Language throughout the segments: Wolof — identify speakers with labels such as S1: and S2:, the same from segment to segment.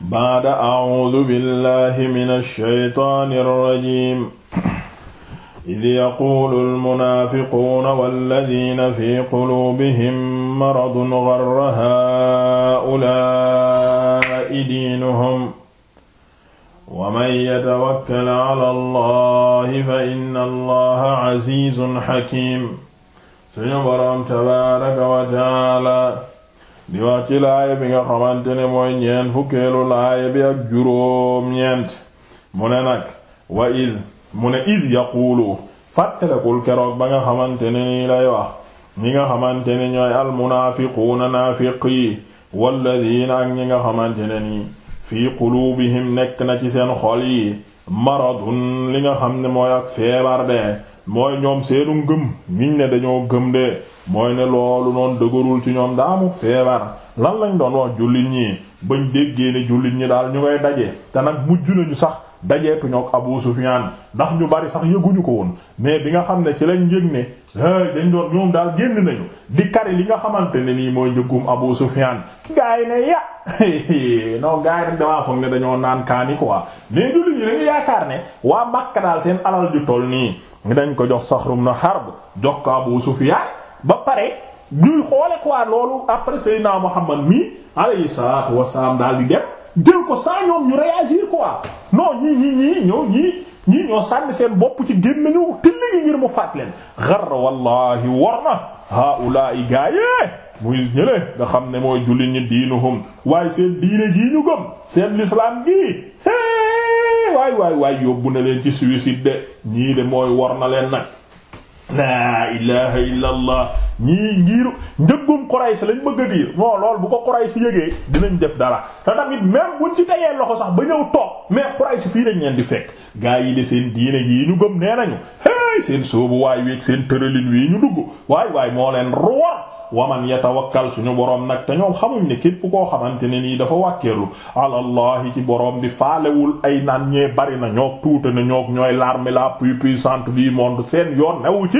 S1: baada acuudu billahi min alshaytaan alrajim id yaquulu almunaafiquuna walladina fi quluubihim maradun garra haa'ulaa'i diinuhum wa man yatawakkal cala allahi fa inna allaha caziizun xakiim suñu boroom tabaaraka wa tacaala di wax ci laaya bi nga xamante ne mooy ñeent fukkeelu laaya bi ak juróom ñeent mu ne nag wa id mu ne id yaquulu fàttalekul keroog ba nga xamante ne nii lay wax ñi nga xamante ne ñooy almunaafiquuna naafiq yi walladiina ak ñi nga xamante ne nii fii quluubihim nekk na ci seen xol yi maradun li nga xam ne mooy ak feebar de mooy ñoom seenu ngëm niñ ne dañoo gëm de
S2: mooy ne loolu noonu dëgërul ci ñoom daamu feebar lan lañ doon wax jullit ñi bañ déggee ne jullit ñi daal ñu ngay daje te nag mujj nañu sax dajeetuñu ak Abu Sufyan ndax ñu bari sax yëguñu ko woon mais bi nga xam ne ci lañ yëg ne hey dañ doon ñoom daal génn nañu di kari li nga xamante ne nii mooy njëgum Abu Sufyan gaa yi ne ya non gaa rek damaa foog ne dañoo naan kaani quoi mais du li ñu dañu yaakaar ne waa Makka daal seen alal ju toll nii dañ ko jox Saxr ibn Harb jox ko Abu Sufyan ba pare ñuy xoole quoi loolu après Seydina Muhammad mi alayhi salaatu wassalaam daal di dem. jël ko sans ñoom ñu réagir quoi non ñii ñii ñii ñoo ñii ñii ñoo sànni seen bopp ci gémmiñu till gi ngir mu faat leen xarra wallahi war na haulaai gaayee muy ñële nga xam ne mooy jullit ñi diinuhum waay seen diine gii ñu gëm seen lislaam gii waay waay waay yóbbu na leen ci suicide de ñii de mooy wor na leen nag laa ilaha illa allah ñii ngiiru njëggum Quraysh lañ bëgg a diir non lool bu ko Quraysh yëgee dinañ def dara te tamit bu buñ ci tegee loxo sax ba ñëw toog mais Quraysh fii lañ leen di fekk gaa yi de seen diine gi ñu gëm nee nañu hey seen soobu waay weeg seen tëralin wii ñu dugg waay waay moo leen ruwa waman yatawakkal suñu borom nag te ñoom xamuñ ne képp koo xamante ne nii dafa wàkkeerlu alallahi ci boroom bi faalewul ay naan ñee bari na ñoo tuuta na ñoog ñooy l'armée la plus puissante du monde seen yoon newu ci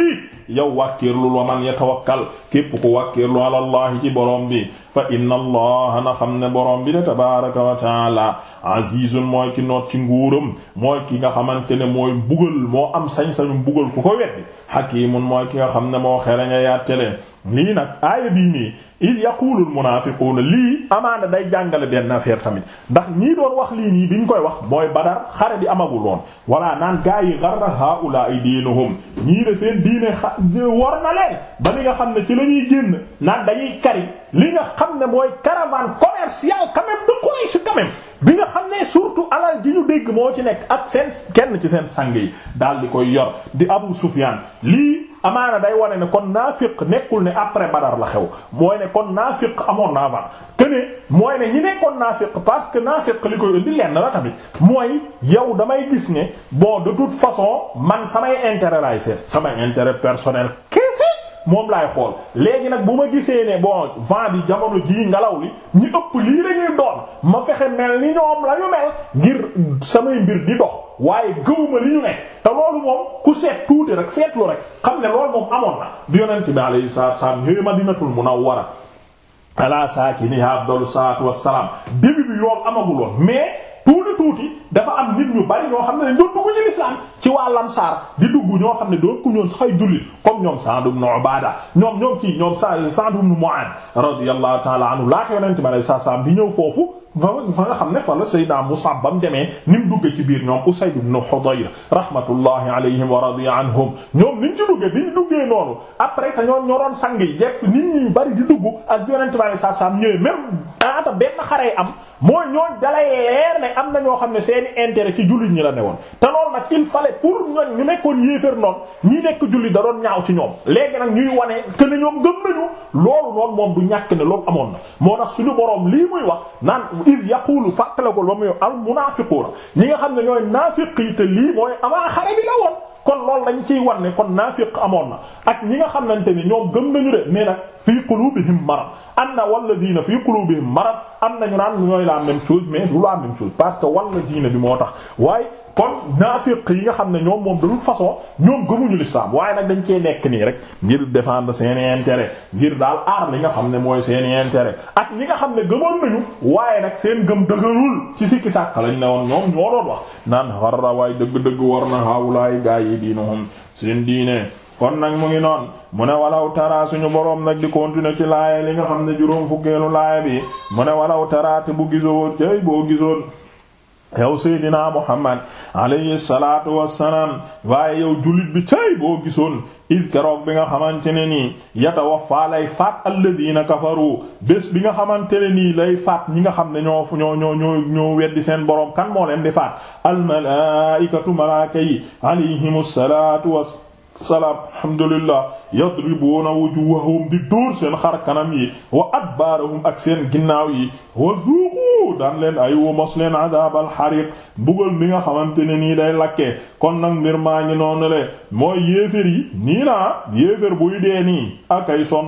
S2: yow wàkkiirlu wa man yatawakkal képp ku wàkkiirlu ala allahi ci borom bi fa inna allaha na xam ne borom bi de tabaraka wa taala azizun mooy ki noot ci nguuram mooy ki nga xamante ne mooy mbugal moo am sañ-sañu mbugal ku ko weddi hakimun mooy ki nga xam ne moo xereña yattele lii nag aaya bii nii il yaqulul munaafiquuna lii amaana day jàngale benn affaire tamit ndax ñii doon wax lii nii bi ñu koy wax mooy badar xare bi amagul woon walla naan gaa yi garra haa'ulaa'i diinuhum ñii de seen diine xa war na leen ba nga xam ne ci la ñuy génn naan dañuy kari li nga xam ne mooy caravane commerciale quand même de Quraysh bi nga xam ne surtout alal ji ñu dégg moo ci nekk ak seen kenn ci seen sang yi daal di koy yor di Abu Sufyaan lii amaana day wane ne kon naafiq nekkul ne après badar la xew mooy ne kon naafiq amoon naa avant que ne mooy ne ñi nekkoon naafiq parce que naafiq li koy indi lenn la tamit mooy yow damay gis ne bon de toute façon man samay intérêt laay seet samay intérêt personnel kese moom laay xool léegi nag bu ma gisee ne bon vent bi jamono ji ngelaw li ñu ëpp lii lañuy doon ma fexe mel ni ñoom la ñu mel ngir samay mbir di dox waaye gëwuma li ñu ne te loolu moom ku seet tuuti rek seetlu rek xam ne loolu moom amoon na du yonent
S1: bi alayhi salaatu
S2: salaam ñëw Madinatul Munawwara ala saakinihaa afdalu salaatu wassalaam début bi yoon amagul woon mais tuuti tuuti dafa am nit ñu bari ñoo xam ne dañ doon dugg ci lislaam ci waa Ansaar di dugg ñoo xam ne doon ku ñoon saxay jullit comme ñoom Sa'd ibn Ubaada ñoom ñoom kii ñoom Sa'd ibn Mu'aad radiyallahu ta'ala anhu laata yonent bi alayhi salaam bi ñëw foofu fa nga xam ne fa la Seydina Mus'ab bam demee ni mu duggee ci biir ñoom Usayd ibn Hudayr rahmatullahi alayhim wa radiya anhum ñoom ni ñu ci duggee ni ñu duggee noonu après te ñoom ñoroon sang yi jekk nit ñi bari di dugg ak yonent bi alayhi salaam ñëwee même ata benn xare am mooy ñooñ dalay leer ne am na ñoo xam ne seeni intérêt ci jullit ñi la ne woon te loolu nag il fallait pour ñoñ ñu nekkoon yéefér noonu ñi nekk jullit da doon ñaaw ci ñoom léegi nag ñuy wane que ne ñoom gëm nañu loolu noonu moom du ñàkk ne loolu amoon na moo tax suñu boroom lii muy wax naan iz yaqulu fàttalikul ba muy al munaafiquuna ñi nga xam ne ñooy naafiq yi te lii mooy avant xare bi la kon loolu dañ ciy war ne kon naafiq amoon na ak ñi nga xamante ni ñoom gëm nañu de mais nag fii qulubihim marad am na walladina fii qulubihim marad am na ñu naan ñooy la même chose mais du la même chose parce que walladina bi moo tax kon naafiq yi nga xam ne ñoom moom de toute façon ñoom gëmuñu l'islam waaye nag dañ cee nekk nii rek ngir défendre seeni intérêt ngir daal aar li nga xam ne mooy seeni intere ak ñi nga xam ne gëmoon nañu waaye nag seen gëm dëgërul ci sikki sàkk lañ ne woon ñoom wax naan xarra waay dëgg-dëgg war na
S1: haawulaay gaa yi diinuhum seen diine kon nag mu ngi noon mu ne walaw tara suñu borom nag di continuer ci laaya li nga xam ne juróom fukkeelu laaya bi mu ne walaw taraate bu gisoo tey boo gisoon yow seydinaa muhammad alayhi salaatu wassalaam
S2: waaye yow jullit bi cay boo gisoon id keroog bi nga xamante ne nii yatawaffa lay faat alladina kafaru bés bi nga xamante ne nii lay faat ñi nga xam ne ñoo ñoo ñoo ñoo ñoo weddi seen boroom kan moo leen di faat almalaikatu malaaka yi alayhimus salaatu wassalaam salaam alhamdulillah yadribuuna wujuhahum di dóor seen xar kanam yi wa adbaarahum ak seen ginnaaw yi wa zuuqu daan ay wa leen adaabal xariq mbugal mi nga xamante ne nii day lakkee kon nag mbir maa ngi noonu le mooy yéefér yi nii naa yéefér buy dee nii ak ay sonn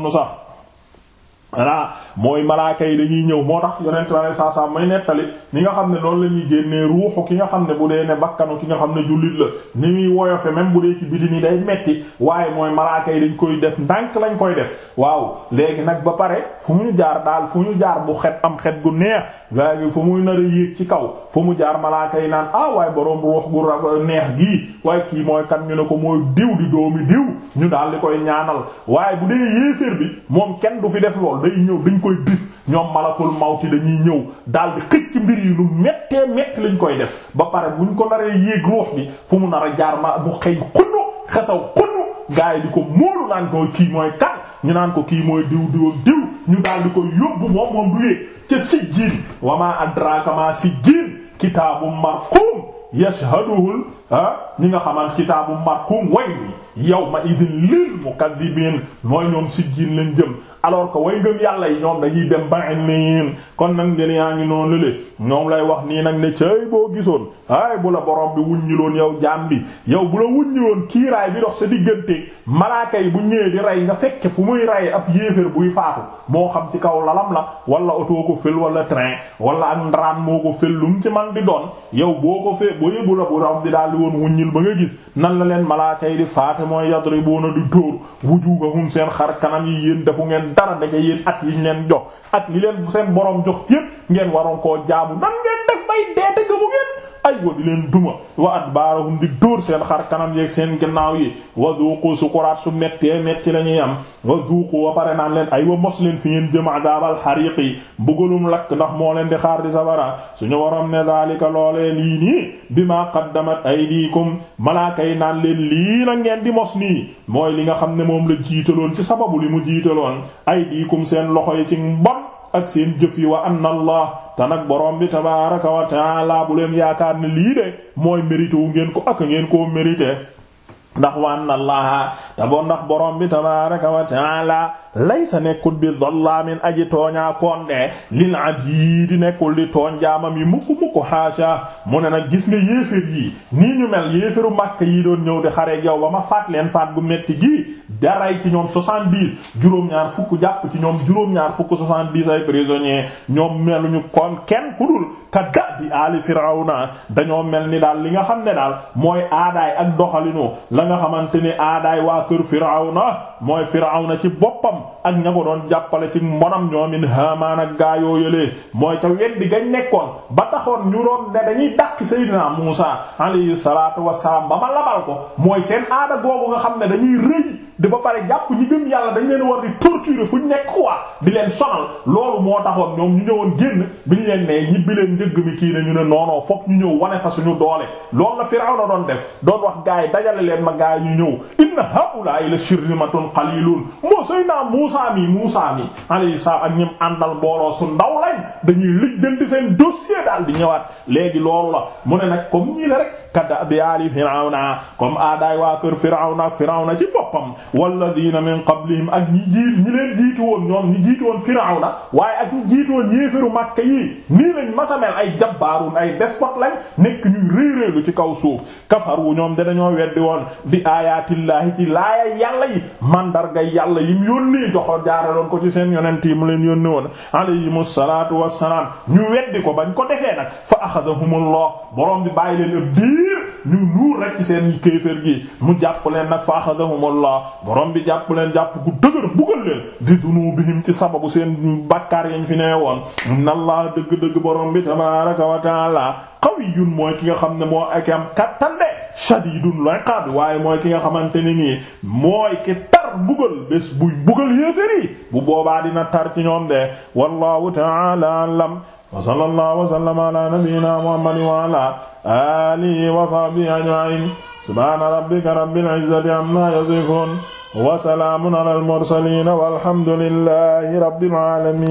S2: voilà mooy malaaka yi dañuy ñëw moo tax yonent na saa saa may nettali ñi nga xam ne noonu la ñuy génnee ruuxu ki nga xam ne bu dee ne ki nga xam ne jullit la ni muy woyofe même bu dee ci biti day metti waaye mooy malaaka yi dañ koy def ndànk lañ koy def waaw léegi nag ba pare fu mu jaar daal fu ñu jaar bu xet am xet gu neex fu muy nar a ci kaw fu mu jaar malaaka yi naan ah waaye boroom ruux gu ra neex gii waaye kii mooy kan ñu ne ko mooy diw di doomi diw ñu daal di koy ñaanal waaye bu dee yéeféer bi moom kenn du fi def lool lool day ñëw dañ koy bif ñoom malakul mawti dañuy ñëw daal di xëcc mbir yi lu méttee métti lañ koy def ba pare buñ ko naree yéeg ruux bi fu mu nar a jaar ma bu xëy xunu xesaw xunu gars di ko móolu naan ko kii mooy kan ñu naan ko kii mooy diw diw diw ñu daal di ko yóbbu moom moom du yéeg ca sijjiin wama adraka ma sijjiin kitaabum marquum yashhaduhul ah ñi nga xamante kitaabu marquum way wi yawma idhin lil mukaththibin mooy ñoom sijjiin lañ jëm alors ko way gëm yàlla yi ñoom dañuy dem bain niin kon nag njël yaa ngi noonu lé ñoom lay wax nii nag ne cay boo gisoon ay bu la borom bi wuññiloon yow jaam bi yow bu la wuññiloon kiiraay bi dox sa diggante malaaka yi bu ñëwee di rey nga fekke fu muy rey ab yéeféer buy faatu moo xam ci kaw lalam la wala oto ko fël wala train wala ak ndaraan moo ko fël lu mu ci man di doon yow boo ko fee boo yëbu la bu ram di daal di woon wuññil ba nga gis nan la leen malaaka yi di faate mooy yadribuuna di dóor wujuuhum seen xar kanam yi leen dara daje yéen at yiñ leen jox at li leen seen borom jox yépp ngeen waroon koo jaamu nan ngeen def bay dee aywa di leen duma wa adbaarahum di dóor seen xar kanam yeek seen ginnaaw yi wa su sukuraat su mettee metti la ñuy am wa duuqu wa pare naan leen aywa mos leen fi ngeen jëm adaabal xariq yi bëggalum lakk ndax moo leen di xaar di safara suñu waroom ne daalika loolee lii nii bima qaddamat aydiikum malaaka yi naan leen lii la ngeen di mos nii mooy li nga xam ne moom la jiitaloon ci sababu li mu jiitaloon aydiikum seen loxo yi ci mbon ak seen jëf yi wa anna allah te borom bi tabaaraka wa taala bu leen yaakaar ne lii de mooy mérité wu ngeen ko ak ngeen koo mérité ndax wa anna allah te boo ndax borom bi tabaaraka wa taala laysa nekkul bi dhallaamin aji tooñaa konde lil abid nekkul di tooñ jaamam yi mukku mukku haasha mu ne na gis nga yéeféer yi nii ñu mel yéeféeru Makka yii doon ñëw di xareeg yow ba ma faat leen faat bu metti gi daray ci ñoom soixante-dix juróom-ñaar fukk jàpp ci ñoom juróom-ñaar fukk soixante-dix ay prisonniers ñoom meluñu kon kenn ku dul ka da bi aali firawna dañoo mel ni daal li nga xam ne daal mooy aadaay ak doxalinu la nga xamante ni aadaay waa kër firawna mooy firawna ci boppam ak ña ko doon jàppale ci mbonam ñoomin Haamaan ak gaayoo yëlee mooy ca weddi gañ nekkoon ba taxoon ñu doon ne dañuy dàq Seydina Muusa alayhi salaatu wassalaam ba ma labal ko mooy seen aada googu nga xam ne dañuy rëy de ba pare jàpp ñi gëm yàlla dañ leen war di torturer fu ñu nekk quoi di leen sonal loolu moo taxoon ñoom ñu ñëwoon génn bi ñu leen nee ñibbi leen njëgg mi kii nañu ne noonoo fokk ñu ñëw wane fa suñu doole loolu la Firawna doon def doon wax gaa yi dajale leen ma gaa yi ñu ñëw inna haa'ulaa'i la shirzimatun qaliilun moo sëy naa Muusaa mi Muusaa mi alayhi salaam ak ñim àndal mbooloo su ndaw lañ dañuy lijjanti seen dossier daal di ñëwaat léegi loolu la mu ne nag comme ñii kada bi aali firawna comme aadaay waa kër firawna firawna ci boppam walladina min qablihim ak ñi jiit ñi leen jiitu woon ñoom ñi jiitu woon firawna waaye ak ñi jiitu woon yéefaru makka yi nii lañ masamel ay jabbaarun ay despot lañ nekk ñuy réeréelu ci kaw suuf kafaru ñoom de dañoo weddi woon bi aayaatillaahi ci laaya yàlla yi mandarga yàlla yim yónnee joxo jaaraloon ko ci seen yonent yi mu leen yónnee woon alayhimu salaatu wassalaam ñu weddi ko bañ ko defee nag fa axadahumullah borom bi bàyyi leen ñu nuur rek seen kéeféer gi mu jàpp leen nag fa axadahumullah borom bi jàpp leen jàpp gu dëgër bugal leen bi dunubihim ci sababu seen bàkkaar yañ fi nee woon inna allah dëgg-dëgg borom bi tabaaraka wa taala qawiyyun mooy ki nga xam ne moo ak am kattan de shadidul iqaab waaye mooy ki nga xamante ni nii mooy ki tar bugal bés buy bugal yéeféer
S1: yi bu boobaa dina tar ci ñoom de wallahu taala alam wa sallallahu wa sallama ala nabiyyina muhammadin wa ala alihi wa sahbihi ajma'in subhana rabbika rabbil izzati amma yasifun wa salamun ala al mursalin walhamdulillahi rabbil alamin